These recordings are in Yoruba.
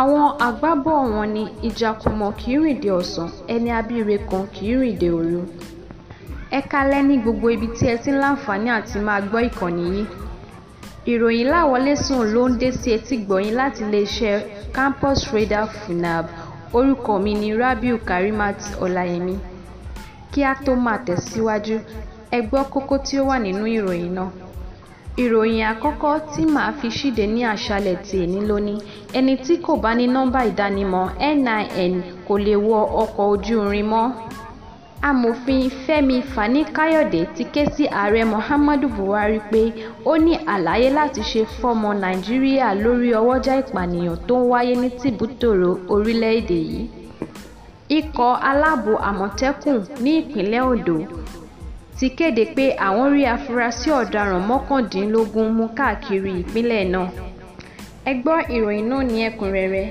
àwọn àgbà bọ̀ wọ́n ní ìjàkùmọ̀ kì í rìnde ọ̀sán ẹni abíire kan kì í rìnde òru ẹ kalẹ́ ní gbogbo ibi tí ẹ ti ń láǹfààní àti máa gbọ́ ìkànnì yìí ìròyìn láwọlẹ́sùn ló ń dé sí etí gbọ̀yìn láti iléeṣẹ́ campus radar funab orúkọ mi ni rabiu karimat ọláyẹmí kí a tó máa tẹ̀síwájú ẹ gbọ́ kókó tí ó wà nínú ìròyìn náà ìròyìn àkọ́kọ́ tí màá fi ṣíde ní àṣálẹ́ ti èní lóní ẹni tí kò bá ní nọ́mbà ìdánimọ̀ NIN kò lè wọ ọkọ̀ ojú irin mọ́. amòfin Fẹ́mi Fani-Káyọ̀dé ti ké sí ààrẹ Muhammadu Buhari pé ó ní àlàyé láti ṣe fọ́mọ Nàìjíríà lórí ọwọ́jà ìpànìyàn tó ń wáyé ní tìbútòrò orílẹ̀-èdè yìí ikọ̀ aláàbò àmọ̀tẹ́kùn ní ìpínlẹ̀ Ondo ti kéde pé àwọn rí afurasí ọ̀daràn mọ́kàndínlógún mú káàkiri ìpínlẹ̀ náà ẹ gbọ́ ìròyìn náà ní ẹ̀kúnrẹ́rẹ́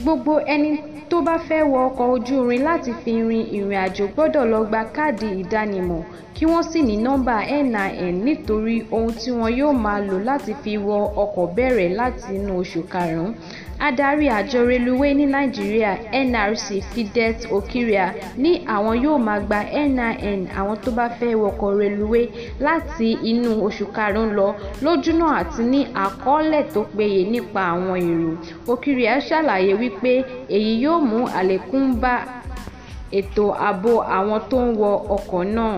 gbogbo ẹni tó bá fẹ́ wọ ọkọ̀ ojú irin láti fi rin ìrìn àjò gbọ́dọ̀ lọ gba káàdì ìdánimọ̀ kí wọ́n sì ní nọ́mbà NIN nítorí ohun tí wọn yóò máa lò láti fi wọ ọkọ̀ bẹ̀rẹ̀ látinú oṣù karùn-ún adarí àjọ reluwé ní nàìjíríà nrc fidet okiria ní àwọn yóò máa gba nin àwọn tó bá fẹ́ wọkọ̀ reluwé láti inú oṣù karùn-ún lọ lójúnà àti ní àkọọ́lẹ̀ tó péye nípa àwọn èrò okiria ṣàlàyé wípé èyí yóò mú àlékún bá ètò ààbò àwọn tó ń wọ ọkọ̀ náà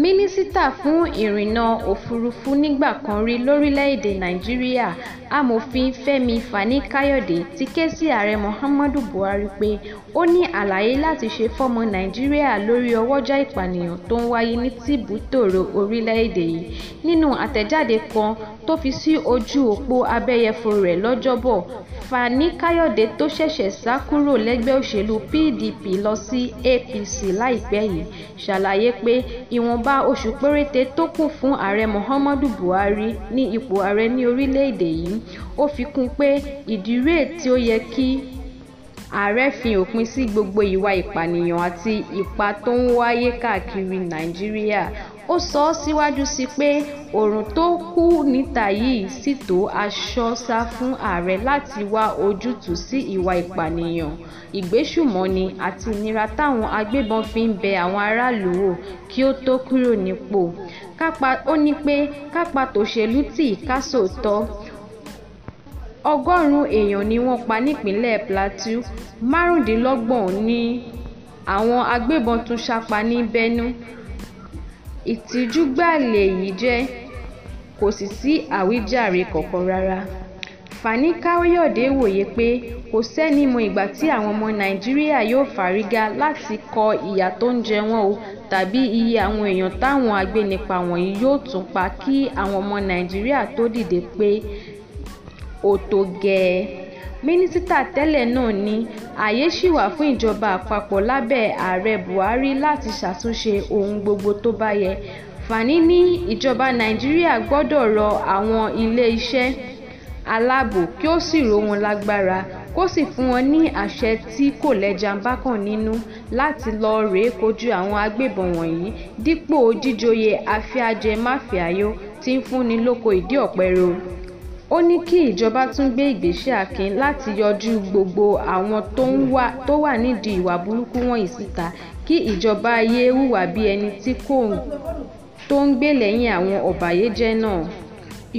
mínísítà fún ìrìnnà òfurufú nígbà kan rí lórílẹ̀‐èdè nàíjíríà amòfin fẹ́mi fani Kayode ti ké sí ààrẹ muhammadu buhari pé ó ní àlàyé láti ṣe fọ́mọ nàíjíríà lórí ọwọ́jà ìpànìyàn tó ń wáyé ní tìbútòrò orílẹ̀‐èdè yìí nínú àtẹ̀jáde kan tó fi sí ojú òpó abẹ́yẹfò rẹ̀ lọ́jọ́bọ̀ fani káyọ̀dé tó ṣẹ̀ṣẹ̀ sá kúrò lẹ́gbẹ́ òṣèlú pdp lọ sí apc láìpẹ́ yìí ṣàlàyé pé ìwọ̀nba oṣù péréte tó kù fún ààrẹ muhammadu buhari ní ipò ààrẹ ní orílẹ̀-èdè yìí ó fi kún pé ìdí tí ó yẹ kí ààrẹ fi òpin sí gbogbo ìwà ìpànìyàn àti ipa tó ń wáyé káàkiri nàìjíríà ó sọ ọ́ síwájú sí i pé oòrùn tó kú níta yìí sì tó aṣọ sá fún ààrẹ láti wá ojútùú sí ìwà ìpànìyàn ìgbésùmọ̀ni àti ìnira táwọn agbébọn fi ń bẹ àwọn aráàlú wò kí ó tó kúrò nípò ó ní pé kápá tòṣèlú tì kásòótọ́ ọgọ́rùn-ún èèyàn ni wọ́n pa nípínlẹ̀ Plateau márùndínlọ́gbọ̀n ni àwọn agbébọn tún ṣá pa ní Benue ìtìjú gbáà lèyí jẹ́ kò sì sí àwíjàre kankan rárá fani káyọ̀dé wòye pé kò sẹ́ni mọ ìgbà tí àwọn ọmọ nàìjíríà yóò fárígá láti kọ ìyà tó ń jẹ wọ́n o tàbí iye àwọn èèyàn táwọn agbénipa wọ̀nyí yóò tún pa kí àwọn ọmọ nàìjíríà tó dìde pé ó tó mínísítà tẹ́lẹ̀ náà ní ààyè ṣì wà fún ìjọba àpapọ̀ lábẹ́ ààrẹ buhari láti ṣàtúnṣe ohun gbogbo tó bá yẹ fani ní ìjọba nàìjíríà gbọ́dọ̀ rọ àwọn ilé-iṣẹ́ aláàbò kí ó sì ró wọn lágbára kó sì fún wọn ní àṣẹ tí kò lẹ́jàmbákan nínú láti lọ́ọ́ rèé kojú àwọn agbébọn wọ̀nyí dípò jíjòyè afiajẹmáfíàyò tí ń fúnni lóko ìdí ọ̀pẹ ó ní kí ìjọba tún gbé ìgbésẹ̀ akin láti yọjú gbogbo àwọn tó wà nídìí ìwà burúkú wọ̀nyí síta kí ìjọba yéé hùwà bíi ẹni tó ń gbè lẹ́yìn àwọn ọ̀bàyéjẹ́ náà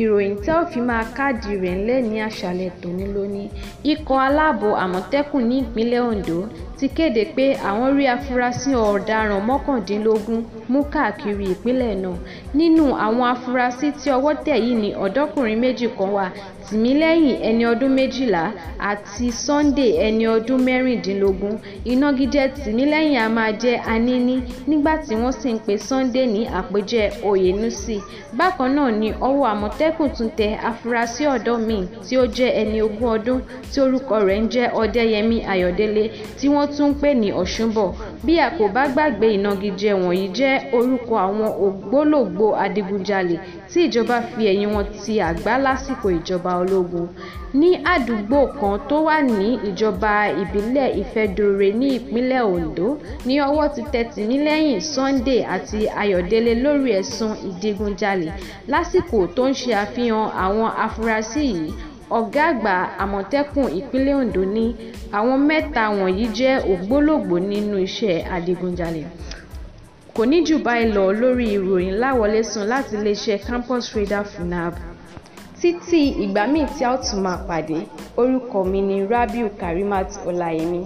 ìròyìn tẹ́ ò fi máa kádìí rẹ̀ ńlẹ̀ ní àṣálẹ́ tòní ló ní ikọ̀ aláàbò àmọ̀tẹ́kùn ní ìpínlẹ̀ ondo ti kéde pé àwọn rí afurasí ọ̀daràn mọ́kàndínlógún mú káàkiri ìpínlẹ̀ náà nínú àwọn afurasí tí ọwọ́ tẹ̀ yìí ni ọ̀dọ́kùnrin méjì kan wà tìmílẹ́yìn ẹni ọdún méjìlá àti sunday ẹni ọdún mẹ́rìndínlógún ìnagijẹ tìmílẹ́yìn a máa jẹ́ anini nígbà tí wọ́n sì ń pe sunday ní àpèjẹ oyenusi bákan náà ni ọwọ́ àmọ̀tẹ́kùn àmọ̀tẹ́kùn tún tẹ àfúrásì ọ̀dọ́ míì tí ó jẹ́ ẹni ogún ọdún tí orúkọ rẹ̀ ń jẹ́ ọdẹ́yẹmí ayọ̀délé tí wọ́n tún ń pè ní ọ̀ṣunbọ̀ bí a kò bá gbàgbé ìnagijẹ wọ̀nyí jẹ́ orúkọ àwọn ògbólógbòó adigunjalè tí ìjọba fi ẹ̀yìn wọn ti àgbá lásìkò ìjọba ológun ní àdúgbò kan tó wà ní ìjọba ìbílẹ̀ ìfẹ́dọ̀rẹ́ ní ìpínlẹ̀ Ondo ní ọwọ́ ti tẹ̀ Tìmílẹ́yìn Sunday àti Ayọ̀délé lórí ẹ̀sùn ìdigunjalè lásìkò tó ń ṣe àfihàn àwọn afurasí yìí ọ̀gá àgbà àmọ̀tẹ́kùn ìpínlẹ̀ Ondo ní àwọn mẹ́ta wọ̀nyí jẹ́ ògbólógbòó nínú iṣẹ́ adigunjalè kò ní jù báyìí lọ lórí ìròyìn láwọlẹ́sùn láti iléeṣẹ́ campus radar funab títí ìgbà míì tí a ó tún máa pàdé orúkọ mi ni Rabiu Karimat Ọláyẹmí